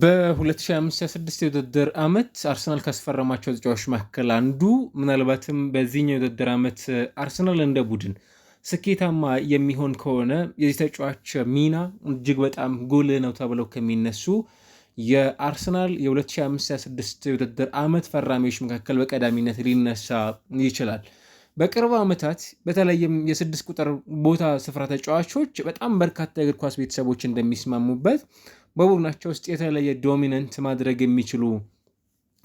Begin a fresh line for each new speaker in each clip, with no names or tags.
በ2025/26 የውድድር ዓመት አርሰናል ካስፈረማቸው ተጫዋቾች መካከል አንዱ ምናልባትም በዚህኛው የውድድር ዓመት አርሰናል እንደ ቡድን ስኬታማ የሚሆን ከሆነ የዚህ ተጫዋች ሚና እጅግ በጣም ጉልህ ነው ተብለው ከሚነሱ የአርሰናል የ2025/26 የውድድር ዓመት ፈራሚዎች መካከል በቀዳሚነት ሊነሳ ይችላል። በቅርብ ዓመታት በተለይም የስድስት ቁጥር ቦታ ስፍራ ተጫዋቾች በጣም በርካታ የእግር ኳስ ቤተሰቦች እንደሚስማሙበት በቡድናቸው ውስጥ የተለየ ዶሚነንት ማድረግ የሚችሉ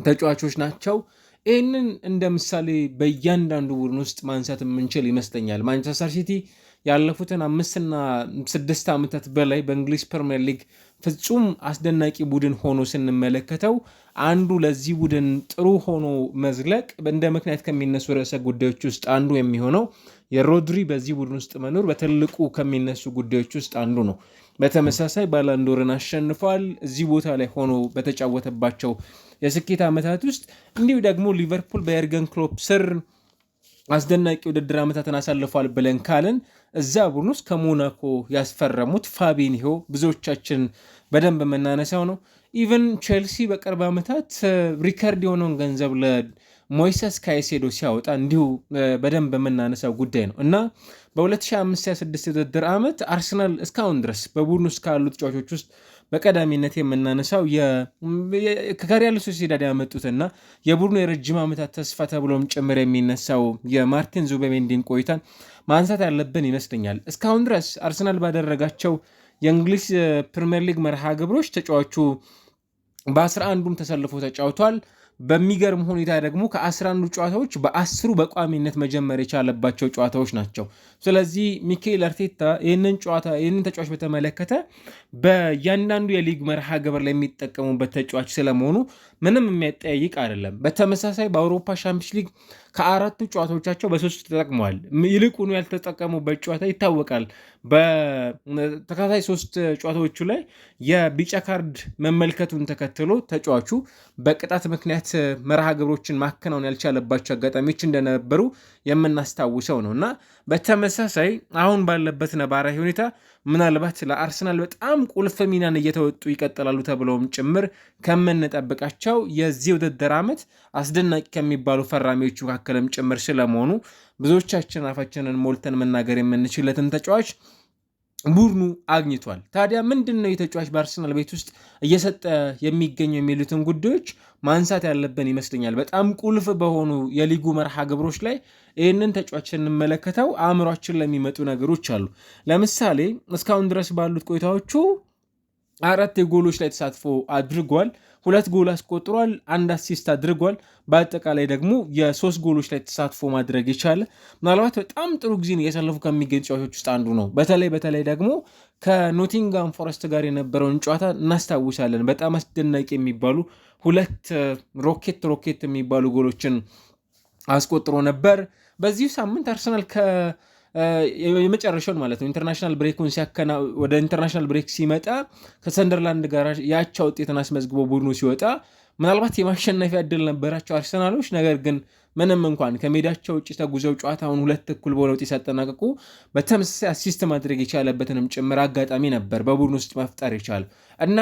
ተጫዋቾች ናቸው። ይህንን እንደ ምሳሌ በእያንዳንዱ ቡድን ውስጥ ማንሳት የምንችል ይመስለኛል። ማንቸስተር ሲቲ ያለፉትን አምስትና ስድስት ዓመታት በላይ በእንግሊዝ ፕሪምየር ሊግ ፍጹም አስደናቂ ቡድን ሆኖ ስንመለከተው አንዱ ለዚህ ቡድን ጥሩ ሆኖ መዝለቅ እንደ ምክንያት ከሚነሱ ርዕሰ ጉዳዮች ውስጥ አንዱ የሚሆነው የሮድሪ በዚህ ቡድን ውስጥ መኖር በትልቁ ከሚነሱ ጉዳዮች ውስጥ አንዱ ነው። በተመሳሳይ ባላንዶርን አሸንፏል። እዚህ ቦታ ላይ ሆኖ በተጫወተባቸው የስኬት ዓመታት ውስጥ እንዲሁ ደግሞ ሊቨርፑል በኤርገን ክሎፕ ስር አስደናቂ ውድድር ዓመታትን አሳልፏል ብለን ካልን እዛ ቡድን ውስጥ ከሞናኮ ያስፈረሙት ፋቢኒሆ ብዙዎቻችን በደንብ የምናነሳው ነው። ኢቨን ቼልሲ በቅርብ ዓመታት ሪከርድ የሆነውን ገንዘብ ሞይሰስ ካይሴዶ ሲያወጣ እንዲሁ በደንብ የምናነሳው ጉዳይ ነው እና በ2025/26 የውድድር ዓመት አርሰናል እስካሁን ድረስ በቡድን ውስጥ ካሉ ተጫዋቾች ውስጥ በቀዳሚነት የምናነሳው ከሪያል ሶሲዳድ ያመጡትና የቡድኑ የረጅም ዓመታት ተስፋ ተብሎም ጭምር የሚነሳው የማርቲን ዙቤሜንዲን ቆይታን ማንሳት ያለብን ይመስለኛል። እስካሁን ድረስ አርሰናል ባደረጋቸው የእንግሊዝ ፕሪምየር ሊግ መርሃ ግብሮች ተጫዋቹ በአስራ አንዱም ተሰልፎ ተጫውቷል። በሚገርም ሁኔታ ደግሞ ከ11 ጨዋታዎች በአስሩ በቋሚነት መጀመር የቻለባቸው ጨዋታዎች ናቸው። ስለዚህ ሚኬል አርቴታ ይህንን ጨዋታ ይህንን ተጫዋች በተመለከተ በእያንዳንዱ የሊግ መርሃ ግብር ላይ የሚጠቀሙበት ተጫዋች ስለመሆኑ ምንም የሚያጠያይቅ አይደለም። በተመሳሳይ በአውሮፓ ሻምፒዮንስ ሊግ ከአራቱ ጨዋታዎቻቸው በሶስቱ ተጠቅመዋል። ይልቁኑ ያልተጠቀሙበት ጨዋታ ይታወቃል። በተከታታይ ሶስት ጨዋታዎቹ ላይ የቢጫ ካርድ መመልከቱን ተከትሎ ተጫዋቹ በቅጣት ምክንያት መርሃ ግብሮችን ማከናወን ያልቻለባቸው አጋጣሚዎች እንደነበሩ የምናስታውሰው ነው እና በተመሳሳይ አሁን ባለበት ነባራዊ ሁኔታ ምናልባት ለአርሰናል በጣም ቁልፍ ሚናን እየተወጡ ይቀጥላሉ ተብለውም ጭምር ከምንጠብቃቸው መሆናቸው የዚህ ውድድር ዓመት አስደናቂ ከሚባሉ ፈራሚዎች መካከልም ጭምር ስለመሆኑ ብዙዎቻችን አፋችንን ሞልተን መናገር የምንችለትን ተጫዋች ቡድኑ አግኝቷል። ታዲያ ምንድን ነው የተጫዋች በአርሰናል ቤት ውስጥ እየሰጠ የሚገኘው የሚሉትን ጉዳዮች ማንሳት ያለብን ይመስለኛል። በጣም ቁልፍ በሆኑ የሊጉ መርሃ ግብሮች ላይ ይህንን ተጫዋች ስንመለከተው አእምሯችን ለሚመጡ ነገሮች አሉ። ለምሳሌ እስካሁን ድረስ ባሉት ቆይታዎቹ አራት የጎሎች ላይ ተሳትፎ አድርጓል። ሁለት ጎል አስቆጥሯል። አንድ አሲስት አድርጓል። በአጠቃላይ ደግሞ የሶስት ጎሎች ላይ ተሳትፎ ማድረግ የቻለ ምናልባት በጣም ጥሩ ጊዜን እያሳለፉ ከሚገኙ ተጫዋቾች ውስጥ አንዱ ነው። በተለይ በተለይ ደግሞ ከኖቲንጋም ፎረስት ጋር የነበረውን ጨዋታ እናስታውሳለን። በጣም አስደናቂ የሚባሉ ሁለት ሮኬት ሮኬት የሚባሉ ጎሎችን አስቆጥሮ ነበር። በዚሁ ሳምንት አርሰናል የመጨረሻውን ማለት ነው ኢንተርናሽናል ብሬኩን ሲያከና ወደ ኢንተርናሽናል ብሬክ ሲመጣ ከሰንደርላንድ ጋር ያቻ ውጤትን አስመዝግቦ ቡድኑ ሲወጣ ምናልባት የማሸነፊያ እድል ነበራቸው አርሰናሎች። ነገር ግን ምንም እንኳን ከሜዳቸው ውጭ ተጉዘው ጨዋታውን ሁለት እኩል በሆነ ውጤት ሲያጠናቀቁ በተመሳሳይ አሲስት ማድረግ የቻለበትንም ጭምር አጋጣሚ ነበር በቡድን ውስጥ መፍጠር ይቻል እና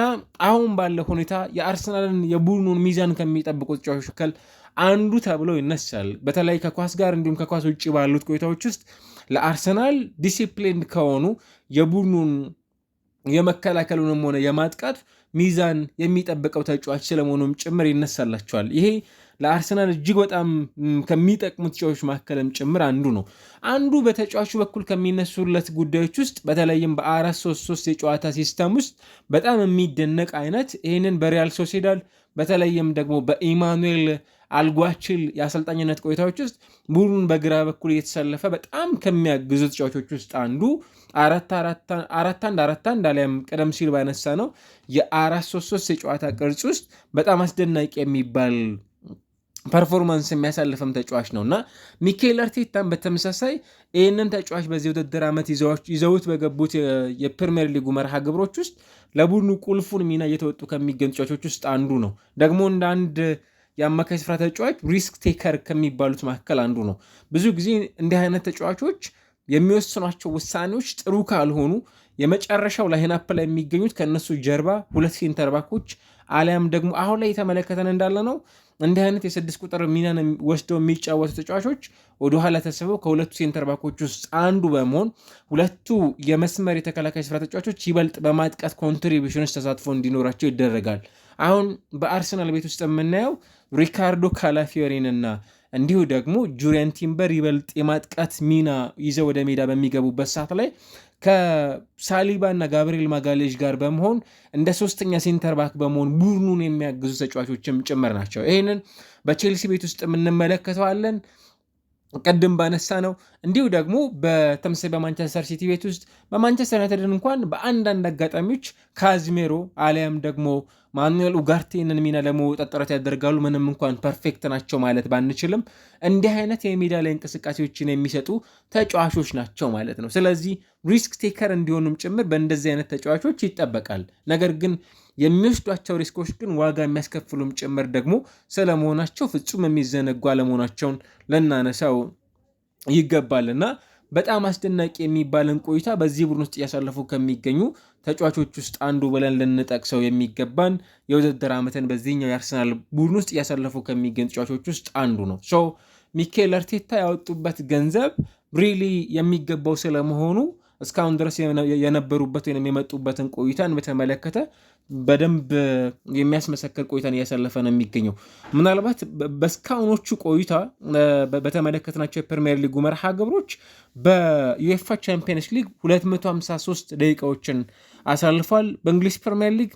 አሁን ባለ ሁኔታ የአርሰናልን የቡድኑን ሚዛን ከሚጠብቁ ተጫዋቾች መካከል አንዱ ተብሎ ይነሳል። በተለይ ከኳስ ጋር እንዲሁም ከኳስ ውጭ ባሉት ቆይታዎች ውስጥ ለአርሰናል ዲሲፕሊን ከሆኑ የቡድኑን የመከላከሉንም ሆነ የማጥቃት ሚዛን የሚጠብቀው ተጫዋች ስለመሆኑም ጭምር ይነሳላቸዋል። ይሄ ለአርሰናል እጅግ በጣም ከሚጠቅሙ ተጫዋቾች መካከልም ጭምር አንዱ ነው። አንዱ በተጫዋቹ በኩል ከሚነሱለት ጉዳዮች ውስጥ በተለይም በአራት ሶስት ሶስት የጨዋታ ሲስተም ውስጥ በጣም የሚደነቅ አይነት ይህንን በሪያል ሶሴዳድ በተለይም ደግሞ በኢማኑኤል አልጓችል የአሰልጣኝነት ቆይታዎች ውስጥ ቡድኑን በግራ በኩል እየተሰለፈ በጣም ከሚያግዙ ተጫዋቾች ውስጥ አንዱ አራት አንድ አራት አንድ አሊያም ቀደም ሲል ባነሳ ነው የአራት ሶስት ሶስት የጨዋታ ቅርጽ ውስጥ በጣም አስደናቂ የሚባል ፐርፎርማንስ የሚያሳልፍም ተጫዋች ነው እና ሚካኤል አርቴታን በተመሳሳይ ይህንን ተጫዋች በዚህ ውድድር ዓመት ይዘውት በገቡት የፕሪምየር ሊጉ መርሃ ግብሮች ውስጥ ለቡድኑ ቁልፉን ሚና እየተወጡ ከሚገኙ ተጫዋቾች ውስጥ አንዱ ነው። ደግሞ እንደ አንድ የአማካይ ስፍራ ተጫዋች ሪስክ ቴከር ከሚባሉት መካከል አንዱ ነው። ብዙ ጊዜ እንዲህ አይነት ተጫዋቾች የሚወስኗቸው ውሳኔዎች ጥሩ ካልሆኑ የመጨረሻው ላይናፕ ላይ የሚገኙት ከእነሱ ጀርባ ሁለት ሴንተር ባኮች አሊያም ደግሞ አሁን ላይ የተመለከተን እንዳለ ነው። እንዲህ አይነት የስድስት ቁጥር ሚናን ወስደው የሚጫወቱ ተጫዋቾች ወደኋላ ተስበው ከሁለቱ ሴንተር ባኮች ውስጥ አንዱ በመሆን ሁለቱ የመስመር የተከላካይ ስፍራ ተጫዋቾች ይበልጥ በማጥቃት ኮንትሪቢሽኖች ተሳትፎ እንዲኖራቸው ይደረጋል። አሁን በአርሰናል ቤት ውስጥ የምናየው ሪካርዶ ካላፊዮሪንና እንዲሁ ደግሞ ጁሪያን ቲምበር ይበልጥ የማጥቃት ሚና ይዘው ወደ ሜዳ በሚገቡበት ሰዓት ላይ ከሳሊባ እና ጋብሪኤል ማጋሌዥ ጋር በመሆን እንደ ሶስተኛ ሴንተር ባክ በመሆን ቡድኑን የሚያግዙ ተጫዋቾችም ጭምር ናቸው። ይህንን በቼልሲ ቤት ውስጥ የምንመለከተዋለን። ቅድም ባነሳ ነው። እንዲሁ ደግሞ በተመሳሳይ በማንቸስተር ሲቲ ቤት ውስጥ በማንቸስተር ዩናይትድ እንኳን በአንዳንድ አጋጣሚዎች ካዝሜሮ አሊያም ደግሞ ማኑኤል ኡጋርቴ ይህንን ሚና ለመወጣት ጥረት ያደርጋሉ። ምንም እንኳን ፐርፌክት ናቸው ማለት ባንችልም እንዲህ አይነት የሜዳ ላይ እንቅስቃሴዎችን የሚሰጡ ተጫዋቾች ናቸው ማለት ነው። ስለዚህ ሪስክ ቴከር እንዲሆኑም ጭምር በእንደዚህ አይነት ተጫዋቾች ይጠበቃል። ነገር ግን የሚወስዷቸው ሪስኮች ግን ዋጋ የሚያስከፍሉም ጭምር ደግሞ ስለመሆናቸው ፍጹም የሚዘነጉ አለመሆናቸውን ልናነሳው ይገባልና በጣም አስደናቂ የሚባልን ቆይታ በዚህ ቡድን ውስጥ እያሳለፉ ከሚገኙ ተጫዋቾች ውስጥ አንዱ ብለን ልንጠቅሰው የሚገባን የውድድር ዓመትን በዚህኛው የአርሰናል ቡድን ውስጥ እያሳለፉ ከሚገኙ ተጫዋቾች ውስጥ አንዱ ነው። ሶ ሚኬል አርቴታ ያወጡበት ገንዘብ ሪሊ የሚገባው ስለመሆኑ እስካሁን ድረስ የነበሩበት ወይም የመጡበትን ቆይታን በተመለከተ በደንብ የሚያስመሰክር ቆይታን እያሳለፈ ነው የሚገኘው። ምናልባት በእስካሁኖቹ ቆይታ በተመለከትናቸው የፕሪሚየር ሊጉ መርሃ ግብሮች በዩኤፋ ቻምፒየንስ ሊግ 253 ደቂቃዎችን አሳልፏል። በእንግሊዝ ፕሪሚየር ሊግ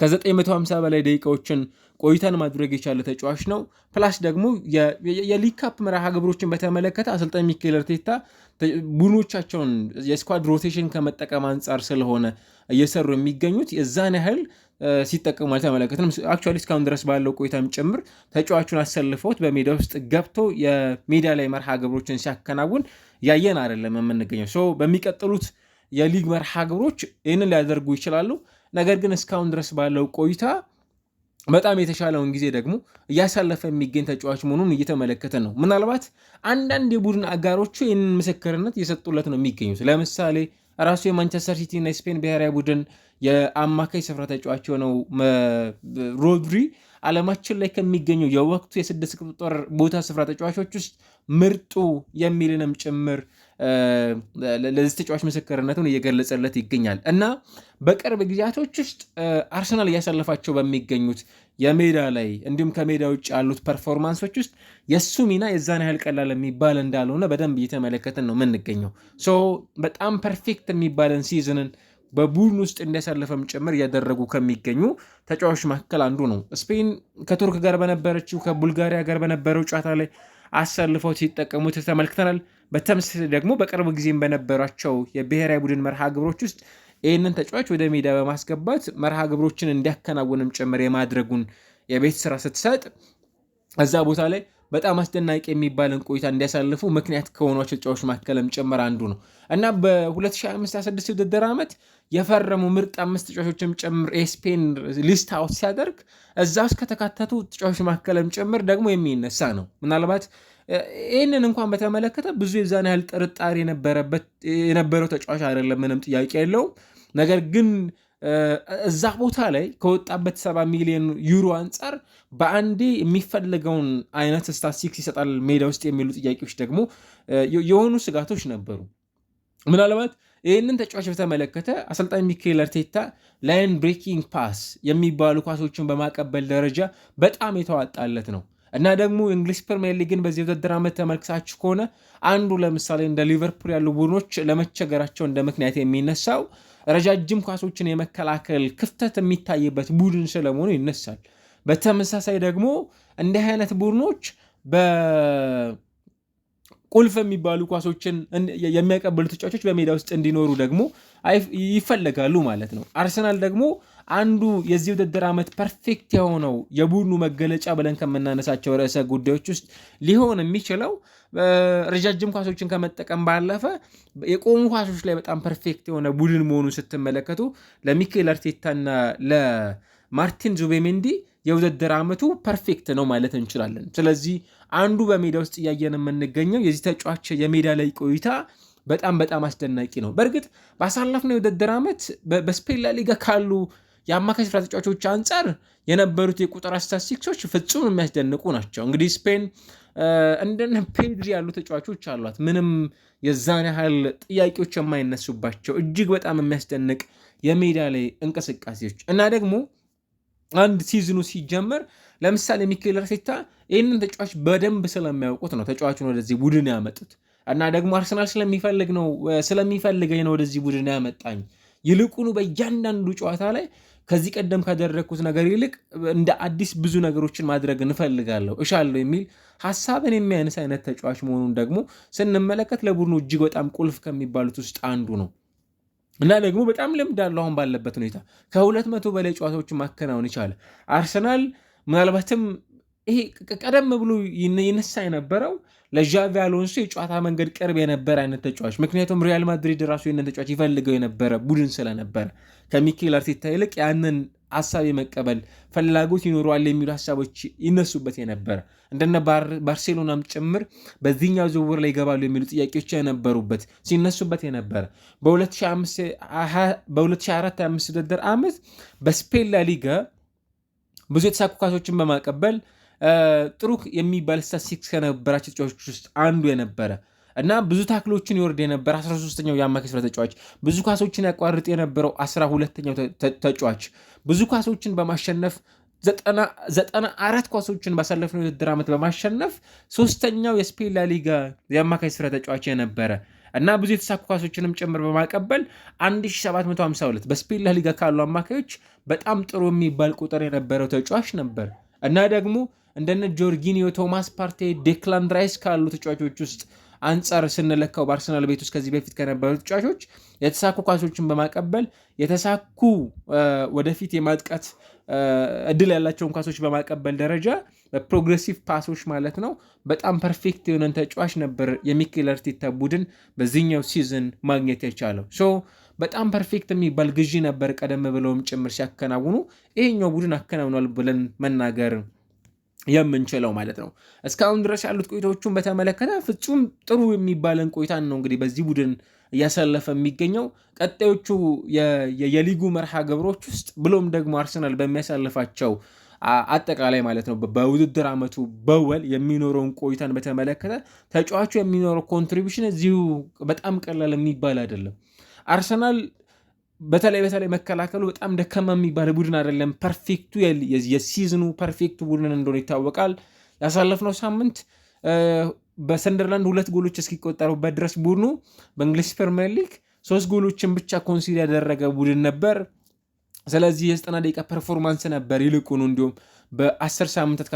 ከ950 በላይ ደቂቃዎችን ቆይታን ማድረግ የቻለ ተጫዋች ነው። ፕላስ ደግሞ የሊግ ካፕ መርሃ ግብሮችን በተመለከተ አሰልጣኝ ሚካኤል አርቴታ ቡድኖቻቸውን የስኳድ ሮቴሽን ከመጠቀም አንጻር ስለሆነ እየሰሩ የሚገኙት የዛን ያህል ሲጠቀሙ አልተመለከትንም። አክቹዋሊ እስካሁን ድረስ ባለው ቆይታም ጭምር ተጫዋቹን አሰልፈውት በሜዳ ውስጥ ገብቶ የሜዳ ላይ መርሃ ግብሮችን ሲያከናውን ያየን አይደለም የምንገኘው በሚቀጥሉት የሊግ መርሃ ግብሮች ይህንን ሊያደርጉ ይችላሉ። ነገር ግን እስካሁን ድረስ ባለው ቆይታ በጣም የተሻለውን ጊዜ ደግሞ እያሳለፈ የሚገኝ ተጫዋች መሆኑን እየተመለከተ ነው። ምናልባት አንዳንድ የቡድን አጋሮቹ ይህንን ምስክርነት እየሰጡለት ነው የሚገኙት። ለምሳሌ ራሱ የማንቸስተር ሲቲ እና የስፔን ብሔራዊ ቡድን የአማካይ ስፍራ ተጫዋች የሆነው ሮድሪ አለማችን ላይ ከሚገኙ የወቅቱ የስድስት ቁጥር ቦታ ስፍራ ተጫዋቾች ውስጥ ምርጡ የሚልንም ጭምር ለዚህ ተጫዋች ምስክርነቱን እየገለጸለት ይገኛል እና በቅርብ ጊዜያቶች ውስጥ አርሰናል እያሳለፋቸው በሚገኙት የሜዳ ላይ እንዲሁም ከሜዳ ውጭ ያሉት ፐርፎርማንሶች ውስጥ የእሱ ሚና የዛን ያህል ቀላል የሚባል እንዳልሆነ በደንብ እየተመለከትን ነው የምንገኘው። ሶ በጣም ፐርፌክት የሚባለን ሲዝንን በቡድን ውስጥ እንዲያሳለፈም ጭምር እያደረጉ ከሚገኙ ተጫዋቾች መካከል አንዱ ነው። ስፔን ከቱርክ ጋር በነበረችው ከቡልጋሪያ ጋር በነበረው ጨዋታ ላይ አሳልፈው ሲጠቀሙት ተመልክተናል። በተመሳሳይ ደግሞ በቅርብ ጊዜም በነበሯቸው የብሔራዊ ቡድን መርሃ ግብሮች ውስጥ ይህንን ተጫዋች ወደ ሜዳ በማስገባት መርሃ ግብሮችን እንዲያከናውንም ጭምር የማድረጉን የቤት ስራ ስትሰጥ እዛ ቦታ ላይ በጣም አስደናቂ የሚባልን ቆይታ እንዲያሳልፉ ምክንያት ከሆኗቸው ተጫዋቾች መካከልም ጭምር አንዱ ነው እና በ2025/26 ውድድር ዓመት የፈረሙ ምርጥ አምስት ተጫዋቾችም ጭምር የስፔን ሊስት አውት ሲያደርግ እዛ ውስጥ ከተካተቱ ተጫዋቾች መካከልም ጭምር ደግሞ የሚነሳ ነው። ምናልባት ይህንን እንኳን በተመለከተ ብዙ የዛን ያህል ጥርጣሬ የነበረው ተጫዋች አይደለም፣ ምንም ጥያቄ የለውም። ነገር ግን እዛ ቦታ ላይ ከወጣበት ሰባ ሚሊዮን ዩሮ አንጻር በአንዴ የሚፈለገውን አይነት ስታሲክስ ይሰጣል ሜዳ ውስጥ የሚሉ ጥያቄዎች ደግሞ የሆኑ ስጋቶች ነበሩ። ምናልባት ይህንን ተጫዋች በተመለከተ አሰልጣኝ ሚካኤል አርቴታ ላይን ብሬኪንግ ፓስ የሚባሉ ኳሶችን በማቀበል ደረጃ በጣም የተዋጣለት ነው እና ደግሞ እንግሊስ ፕሪሚየር ሊግን በዚህ ውድድር ዓመት ተመልክታችሁ ከሆነ አንዱ ለምሳሌ እንደ ሊቨርፑል ያሉ ቡድኖች ለመቸገራቸው እንደ ምክንያት የሚነሳው ረጃጅም ኳሶችን የመከላከል ክፍተት የሚታይበት ቡድን ስለመሆኑ ይነሳል። በተመሳሳይ ደግሞ እንዲህ አይነት ቡድኖች በቁልፍ የሚባሉ ኳሶችን የሚያቀብሉ ተጫዋቾች በሜዳ ውስጥ እንዲኖሩ ደግሞ ይፈለጋሉ ማለት ነው። አርሰናል ደግሞ አንዱ የዚህ ውድድር ዓመት ፐርፌክት የሆነው የቡድኑ መገለጫ ብለን ከምናነሳቸው ርዕሰ ጉዳዮች ውስጥ ሊሆን የሚችለው ረጃጅም ኳሶችን ከመጠቀም ባለፈ የቆሙ ኳሶች ላይ በጣም ፐርፌክት የሆነ ቡድን መሆኑን ስትመለከቱ ለሚኬል አርቴታና ለማርቲን ዙቤሜንዲ የውድድር ዓመቱ ፐርፌክት ነው ማለት እንችላለን። ስለዚህ አንዱ በሜዳ ውስጥ እያየን የምንገኘው የዚህ ተጫዋች የሜዳ ላይ ቆይታ በጣም በጣም አስደናቂ ነው። በእርግጥ ባሳለፍነው የውድድር ዓመት በስፔን ላሊጋ ካሉ የአማካይ ስፍራ ተጫዋቾች አንጻር የነበሩት የቁጥር ስታቲስቲክሶች ፍጹም የሚያስደንቁ ናቸው። እንግዲህ ስፔን እንደነ ፔድሪ ያሉ ተጫዋቾች አሏት። ምንም የዛን ያህል ጥያቄዎች የማይነሱባቸው እጅግ በጣም የሚያስደንቅ የሜዳ ላይ እንቅስቃሴዎች እና ደግሞ አንድ ሲዝኑ ሲጀመር ለምሳሌ ሚኬል አርቴታ ይህንን ተጫዋች በደንብ ስለሚያውቁት ነው ተጫዋቹን ወደዚህ ቡድን ያመጡት እና ደግሞ አርሰናል ስለሚፈልግ ነው ስለሚፈልገኝ ነው ወደዚህ ቡድን ያመጣኝ ይልቁኑ በእያንዳንዱ ጨዋታ ላይ ከዚህ ቀደም ካደረግኩት ነገር ይልቅ እንደ አዲስ ብዙ ነገሮችን ማድረግ እንፈልጋለሁ እሻለሁ የሚል ሀሳብን የሚያነስ አይነት ተጫዋች መሆኑን ደግሞ ስንመለከት ለቡድኑ እጅግ በጣም ቁልፍ ከሚባሉት ውስጥ አንዱ ነው እና ደግሞ በጣም ልምድ አለው አሁን ባለበት ሁኔታ ከሁለት መቶ በላይ ጨዋታዎችን ማከናወን ይቻለ አርሰናል ምናልባትም ይሄ ቀደም ብሎ ይነሳ የነበረው ለዣቪ አሎንሶ የጨዋታ መንገድ ቅርብ የነበረ አይነት ተጫዋች ምክንያቱም ሪያል ማድሪድ ራሱ ይንን ተጫዋች ይፈልገው የነበረ ቡድን ስለነበረ ከሚኬል አርቴታ ይልቅ ያንን ሀሳብ የመቀበል ፈላጎት ይኖረዋል የሚሉ ሀሳቦች ይነሱበት የነበረ እንደነ ባርሴሎናም ጭምር በዚህኛው ዝውውር ላይ ይገባሉ የሚሉ ጥያቄዎች የነበሩበት ሲነሱበት የነበረ በ2024/25 ውድድር ዓመት በስፔን ላሊጋ ብዙ የተሳኩ ኳሶችን በማቀበል ጥሩ የሚባል ስታሲክስ ከነበራቸው ተጫዋቾች ውስጥ አንዱ የነበረ እና ብዙ ታክሎችን ይወርድ የነበረ 13ኛው የአማካይ ስፍራ ተጫዋች፣ ብዙ ኳሶችን ያቋርጥ የነበረው 12ኛው ተጫዋች፣ ብዙ ኳሶችን በማሸነፍ ዘጠና አራት ኳሶችን ባሳለፍነው የውድድር ዓመት በማሸነፍ ሶስተኛው የስፔን ላሊጋ የአማካይ ስፍራ ተጫዋች የነበረ እና ብዙ የተሳኩ ኳሶችንም ጭምር በማቀበል 1752 በስፔን ላሊጋ ካሉ አማካዮች በጣም ጥሩ የሚባል ቁጥር የነበረው ተጫዋች ነበር እና ደግሞ እንደነ ጆርጊኒዮ፣ ቶማስ ፓርቴ፣ ዴክላን ራይስ ካሉ ተጫዋቾች ውስጥ አንጻር ስንለካው በአርሰናል ቤት ውስጥ ከዚህ በፊት ከነበሩ ተጫዋቾች የተሳኩ ኳሶችን በማቀበል የተሳኩ ወደፊት የማጥቃት እድል ያላቸውን ኳሶች በማቀበል ደረጃ በፕሮግሬሲቭ ፓሶች ማለት ነው በጣም ፐርፌክት የሆነን ተጫዋች ነበር የሚኬል አርቴታ ቡድን በዚህኛው ሲዝን ማግኘት የቻለው። ሶ በጣም ፐርፌክት የሚባል ግዢ ነበር ቀደም ብለውም ጭምር ሲያከናውኑ ይሄኛው ቡድን አከናውኗል ብለን መናገር የምንችለው ማለት ነው። እስካሁን ድረስ ያሉት ቆይታዎቹን በተመለከተ ፍጹም ጥሩ የሚባለን ቆይታን ነው እንግዲህ በዚህ ቡድን እያሳለፈ የሚገኘው ቀጣዮቹ የሊጉ መርሃ ግብሮች ውስጥ ብሎም ደግሞ አርሰናል በሚያሳልፋቸው አጠቃላይ ማለት ነው በውድድር ዓመቱ በወል የሚኖረውን ቆይታን በተመለከተ ተጫዋቹ የሚኖረው ኮንትሪቢሽን እዚሁ በጣም ቀላል የሚባል አይደለም። አርሰናል በተለይ በተለይ መከላከሉ በጣም ደካማ የሚባል ቡድን አይደለም። ፐርፌክቱ የሲዝኑ ፐርፌክቱ ቡድን እንደሆነ ይታወቃል። ያሳለፍነው ሳምንት በሰንደርላንድ ሁለት ጎሎች እስኪቆጠሩበት ድረስ ቡድኑ በእንግሊዝ ፕሪሚየር ሊግ ሶስት ጎሎችን ብቻ ኮንሲል ያደረገ ቡድን ነበር። ስለዚህ የዘጠና ደቂቃ ፐርፎርማንስ ነበር ይልቁኑ እንዲሁም በአስር ሳምንታት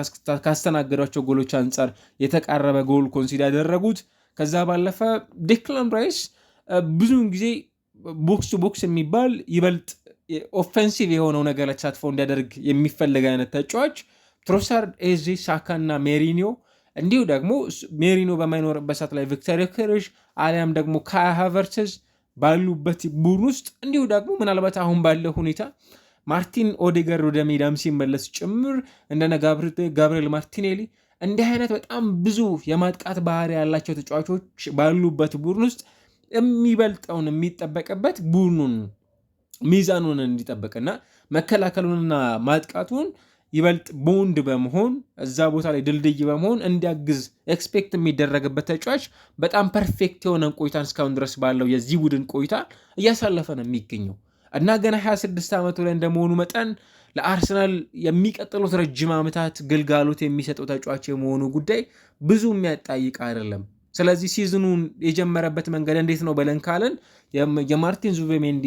ካስተናገዷቸው ጎሎች አንጻር የተቃረበ ጎል ኮንሲል ያደረጉት። ከዛ ባለፈ ዴክላን ራይስ ብዙውን ጊዜ ቦክስ ቱ የሚባል ይበልጥ ኦፌንሲቭ የሆነው ነገር ላይ ተሳትፎ እንዲያደርግ የሚፈለግ አይነት ተጫዋች ትሮሳርድ፣ ኤዜ፣ ሳካ እና ሜሪኒዮ እንዲሁ ደግሞ ሜሪኖ በማይኖርበት ሰዓት ላይ ቪክተር ክርሽ አሊያም ደግሞ ካይ ሃቨርትዝ ባሉበት ቡድን ውስጥ እንዲሁ ደግሞ ምናልባት አሁን ባለው ሁኔታ ማርቲን ኦዴገር ወደ ሜዳም ሲመለስ ጭምር እንደነ ጋብርኤል ማርቲኔሊ እንዲህ አይነት በጣም ብዙ የማጥቃት ባህሪ ያላቸው ተጫዋቾች ባሉበት ቡድን ውስጥ የሚበልጠውን የሚጠበቅበት ቡድኑን ሚዛኑን እንዲጠብቅና መከላከሉንና ማጥቃቱን ይበልጥ ቦንድ በመሆን እዛ ቦታ ላይ ድልድይ በመሆን እንዲያግዝ ኤክስፔክት የሚደረግበት ተጫዋች በጣም ፐርፌክት የሆነ ቆይታን እስካሁን ድረስ ባለው የዚህ ቡድን ቆይታ እያሳለፈ ነው የሚገኘው እና ገና 26 ዓመቱ ላይ እንደመሆኑ መጠን ለአርሰናል የሚቀጥሉት ረጅም ዓመታት ግልጋሎት የሚሰጠው ተጫዋች የመሆኑ ጉዳይ ብዙ የሚያጣይቅ አይደለም። ስለዚህ ሲዝኑን የጀመረበት መንገድ እንዴት ነው በለን ካለን የማርቲን ዙቤሜንዲ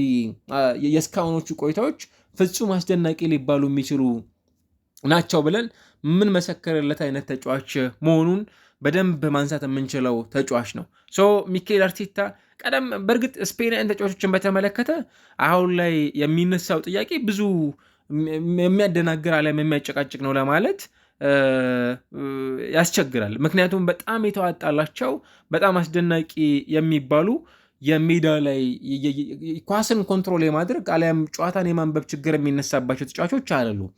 የእስካሁኖቹ ቆይታዎች ፍጹም አስደናቂ ሊባሉ የሚችሉ ናቸው ብለን ምን መሰከርለት አይነት ተጫዋች መሆኑን በደንብ ማንሳት የምንችለው ተጫዋች ነው። ሶ ሚኬል አርቴታ ቀደም በእርግጥ ስፔናውያን ተጫዋቾችን በተመለከተ አሁን ላይ የሚነሳው ጥያቄ ብዙ የሚያደናግር አለም የሚያጨቃጭቅ ነው ለማለት ያስቸግራል። ምክንያቱም በጣም የተዋጣላቸው በጣም አስደናቂ የሚባሉ የሜዳ ላይ ኳስን ኮንትሮል የማድረግ አሊያም ጨዋታን የማንበብ ችግር የሚነሳባቸው ተጫዋቾች አይደሉም።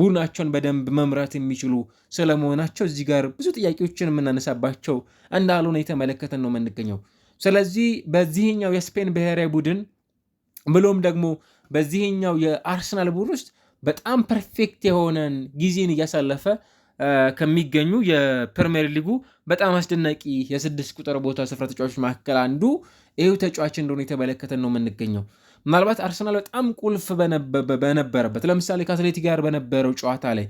ቡድናቸውን በደንብ መምራት የሚችሉ ስለመሆናቸው እዚህ ጋር ብዙ ጥያቄዎችን የምናነሳባቸው እንዳልሆነ የተመለከተን ነው የምንገኘው። ስለዚህ በዚህኛው የስፔን ብሔራዊ ቡድን ብሎም ደግሞ በዚህኛው የአርሰናል ቡድን ውስጥ በጣም ፐርፌክት የሆነን ጊዜን እያሳለፈ ከሚገኙ የፕሪሚየር ሊጉ በጣም አስደናቂ የስድስት ቁጥር ቦታ ስፍራ ተጫዋቾች መካከል አንዱ ይህ ተጫዋች እንደሆነ የተመለከተን ነው የምንገኘው። ምናልባት አርሰናል በጣም ቁልፍ በነበረበት ለምሳሌ ከአትሌቲ ጋር በነበረው ጨዋታ ላይ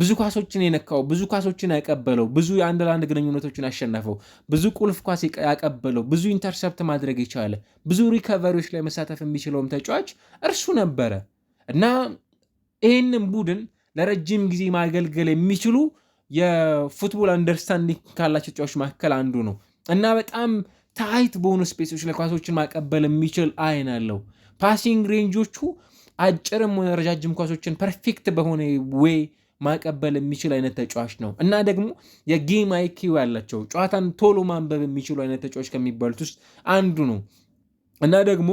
ብዙ ኳሶችን የነካው፣ ብዙ ኳሶችን ያቀበለው፣ ብዙ የአንድ ለአንድ ግንኙነቶችን ያሸነፈው፣ ብዙ ቁልፍ ኳስ ያቀበለው፣ ብዙ ኢንተርሰፕት ማድረግ የቻለ ብዙ ሪከቨሪዎች ላይ መሳተፍ የሚችለውም ተጫዋች እርሱ ነበረ እና ይህንን ቡድን ለረጅም ጊዜ ማገልገል የሚችሉ የፉትቦል አንደርስታንዲንግ ካላቸው ተጫዋቾች መካከል አንዱ ነው እና በጣም ታይት በሆኑ ስፔሶች ለኳሶችን ማቀበል የሚችል አይን አለው። ፓሲንግ ሬንጆቹ አጭርም ሆነ ረጃጅም ኳሶችን ፐርፌክት በሆነ ዌይ ማቀበል የሚችል አይነት ተጫዋች ነው እና ደግሞ የጌም አይኪው ያላቸው ጨዋታን ቶሎ ማንበብ የሚችሉ አይነት ተጫዋች ከሚባሉት ውስጥ አንዱ ነው እና ደግሞ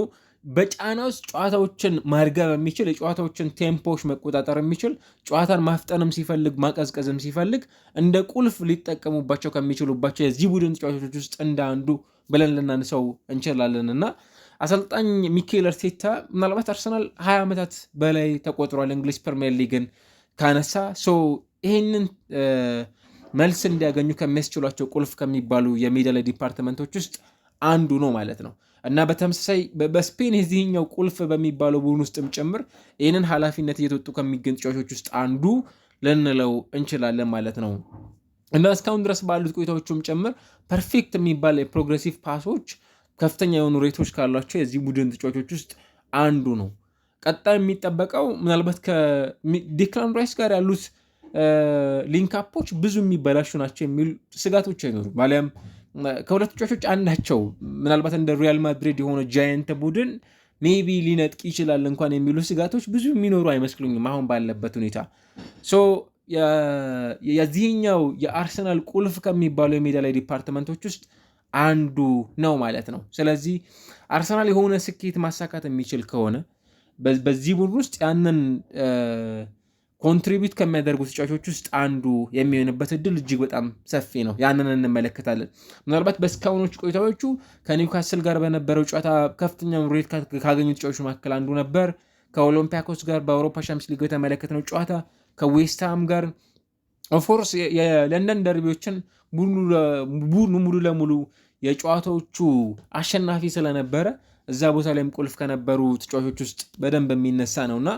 በጫና ውስጥ ጨዋታዎችን ማርገብ የሚችል የጨዋታዎችን ቴምፖዎች መቆጣጠር የሚችል ጨዋታን ማፍጠንም ሲፈልግ ማቀዝቀዝም ሲፈልግ እንደ ቁልፍ ሊጠቀሙባቸው ከሚችሉባቸው የዚህ ቡድን ተጫዋቾች ውስጥ እንደ አንዱ ብለን ልናንሰው እንችላለን እና አሰልጣኝ ሚኬል አርቴታ ምናልባት አርሰናል ሀያ ዓመታት በላይ ተቆጥሯል እንግሊዝ ፕሪሚየር ሊግን ካነሳ ይህንን መልስ እንዲያገኙ ከሚያስችሏቸው ቁልፍ ከሚባሉ የሜዳ ላይ ዲፓርትመንቶች ውስጥ አንዱ ነው ማለት ነው። እና በተመሳሳይ በስፔን የዚህኛው ቁልፍ በሚባለው ቡድን ውስጥም ጭምር ይህንን ኃላፊነት እየተወጡ ከሚገኙ ተጫዋቾች ውስጥ አንዱ ልንለው እንችላለን ማለት ነው። እና እስካሁን ድረስ ባሉት ቆይታዎቹም ጭምር ፐርፌክት የሚባል የፕሮግሬሲቭ ፓሶች ከፍተኛ የሆኑ ሬቶች ካሏቸው የዚህ ቡድን ተጫዋቾች ውስጥ አንዱ ነው። ቀጣይ የሚጠበቀው ምናልባት ከዲክላን ራይስ ጋር ያሉት ሊንካፖች ብዙ የሚበላሹ ናቸው የሚል ስጋቶች አይኖሩም። ከሁለት ተጫዋቾች አንዳቸው ምናልባት እንደ ሪያል ማድሪድ የሆነ ጃየንት ቡድን ሜቢ ሊነጥቅ ይችላል እንኳን የሚሉ ስጋቶች ብዙ የሚኖሩ አይመስሉኝም አሁን ባለበት ሁኔታ። የዚህኛው የአርሰናል ቁልፍ ከሚባሉ የሜዳ ላይ ዲፓርትመንቶች ውስጥ አንዱ ነው ማለት ነው። ስለዚህ አርሰናል የሆነ ስኬት ማሳካት የሚችል ከሆነ በዚህ ቡድን ውስጥ ያንን ኮንትሪቢዩት ከሚያደርጉ ተጫዋቾች ውስጥ አንዱ የሚሆንበት እድል እጅግ በጣም ሰፊ ነው። ያንን እንመለከታለን። ምናልባት በእስካሁኖቹ ቆይታዎቹ ከኒውካስል ጋር በነበረው ጨዋታ ከፍተኛውን ሬት ካገኙ ተጫዋቾች መካከል አንዱ ነበር። ከኦሎምፒያኮስ ጋር በአውሮፓ ሻምፒዮንስ ሊግ የተመለከትነው ጨዋታ ከዌስትሃም ጋር ኦፎርስ የለንደን ደርቢዎችን ቡድኑ ሙሉ ለሙሉ የጨዋታዎቹ አሸናፊ ስለነበረ እዛ ቦታ ላይም ቁልፍ ከነበሩ ተጫዋቾች ውስጥ በደንብ የሚነሳ ነውና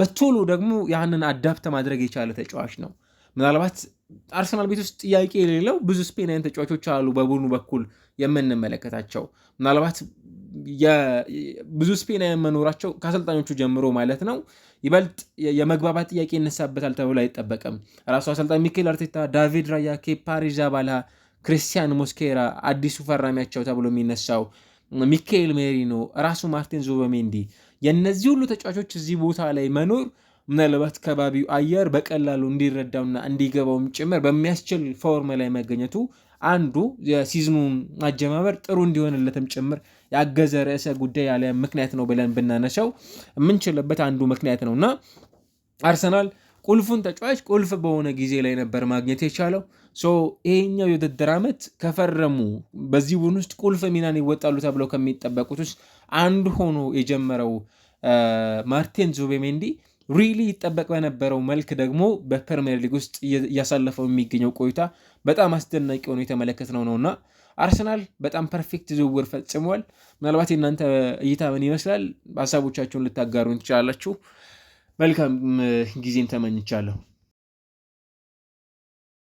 በቶሎ ደግሞ ያንን አዳፕት ማድረግ የቻለ ተጫዋች ነው። ምናልባት አርሰናል ቤት ውስጥ ጥያቄ የሌለው ብዙ ስፔናውያን ተጫዋቾች አሉ በቡድኑ በኩል የምንመለከታቸው ምናልባት ብዙ ስፔናውያን መኖራቸው ከአሰልጣኞቹ ጀምሮ ማለት ነው ይበልጥ የመግባባት ጥያቄ ይነሳበታል ተብሎ አይጠበቅም። ራሱ አሰልጣኝ ሚኬል አርቴታ፣ ዳቪድ ራያ፣ ኬፓ አሪዛባላጋ፣ ክሪስቲያን ሞስኬራ፣ አዲሱ ፈራሚያቸው ተብሎ የሚነሳው ሚካኤል ሜሪኖ፣ ራሱ ማርቲን ዙበሜንዲ የእነዚህ ሁሉ ተጫዋቾች እዚህ ቦታ ላይ መኖር ምናልባት ከባቢው አየር በቀላሉ እንዲረዳውና እንዲገባውም ጭምር በሚያስችል ፎርም ላይ መገኘቱ አንዱ የሲዝኑ አጀማመር ጥሩ እንዲሆንለትም ጭምር ያገዘ ርዕሰ ጉዳይ ያለ ምክንያት ነው ብለን ብናነሳው የምንችልበት አንዱ ምክንያት ነው እና አርሰናል ቁልፉን ተጫዋች ቁልፍ በሆነ ጊዜ ላይ ነበር ማግኘት የቻለው። ይሄኛው የውድድር ዓመት ከፈረሙ በዚህ ቡድን ውስጥ ቁልፍ ሚናን ይወጣሉ ተብለው ከሚጠበቁት ውስጥ አንዱ ሆኖ የጀመረው ማርቲን ዙቤሜንዲ ሪሊ ይጠበቅ በነበረው መልክ ደግሞ በፕሪሚየር ሊግ ውስጥ እያሳለፈው የሚገኘው ቆይታ በጣም አስደናቂ ሆኖ ነው ነውና አርሰናል በጣም ፐርፌክት ዝውውር ፈጽሟል። ምናልባት የእናንተ እይታ ምን ይመስላል? ሀሳቦቻችሁን ልታጋሩን ትችላላችሁ። መልካም ጊዜን ተመኝቻለሁ።